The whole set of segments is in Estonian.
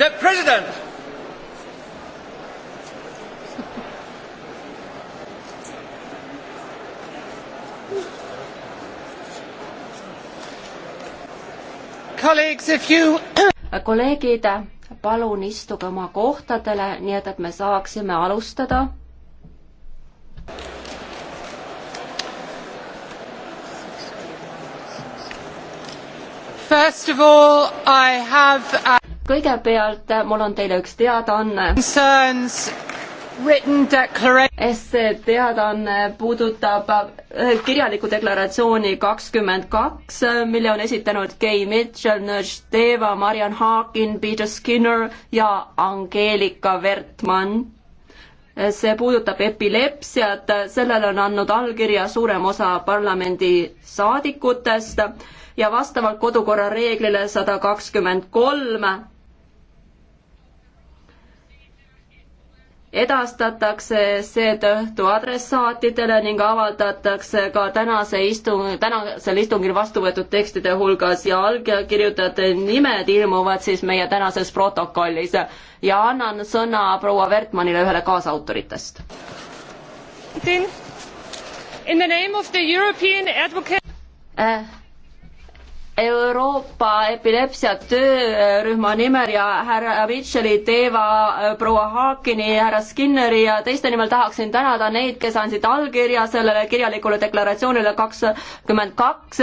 The President! kolleegid, palun istuge oma kohtadele, nii et, et me saaksime alustada. First of all, I have a kõigepealt äh, mul on teile üks teadaanne. see teadaanne puudutab äh, kirjalikku deklaratsiooni kakskümmend kaks, äh, mille on esitanud Gay Mitchell, Nurse Deva, Marian Haakin, Peter Skinner ja Angeelika Vertmann see puudutab epilepsiat, sellele on andnud allkirja suurem osa parlamendi saadikutest ja vastavalt kodukorra reeglile sada kakskümmend kolm edastatakse seetõttu adressaatidele ning avaldatakse ka tänase istung, tänasel istungil vastu võetud tekstide hulgas ja allkirjutajate nimed ilmuvad siis meie tänases protokollis. ja annan sõna proua Wertmannile, ühele kaasautoritest. In the name of the European advocate äh Euroopa epilepsia töörühma nimel ja härra Vitšeli, Teeva, proua Haakini, härra Skinneri ja teiste nimel tahaksin tänada neid, kes andsid allkirja sellele kirjalikule deklaratsioonile kakskümmend kaks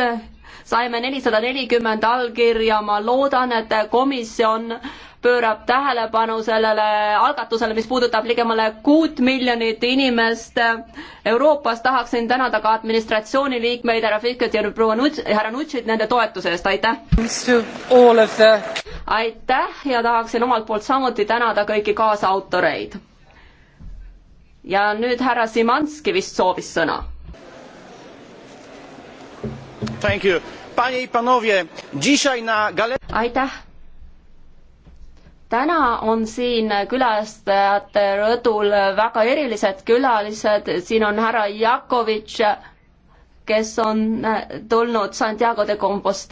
saime nelisada nelikümmend allkirja, ma loodan, et komisjon pöörab tähelepanu sellele algatusele, mis puudutab ligemale kuut miljonit inimest Euroopas. tahaksin tänada ka administratsiooni liikmeid, härra Fikket ja proua Nuts, härra Nutsit nende toetuse eest, aitäh! aitäh ja tahaksin omalt poolt samuti tänada kõiki kaasautoreid. ja nüüd härra Simanski vist soovis sõna. aitäh! täna on siin külastajate rõdul väga erilised külalised, siin on härra Jakovitš, kes on tulnud Santiago de Compostela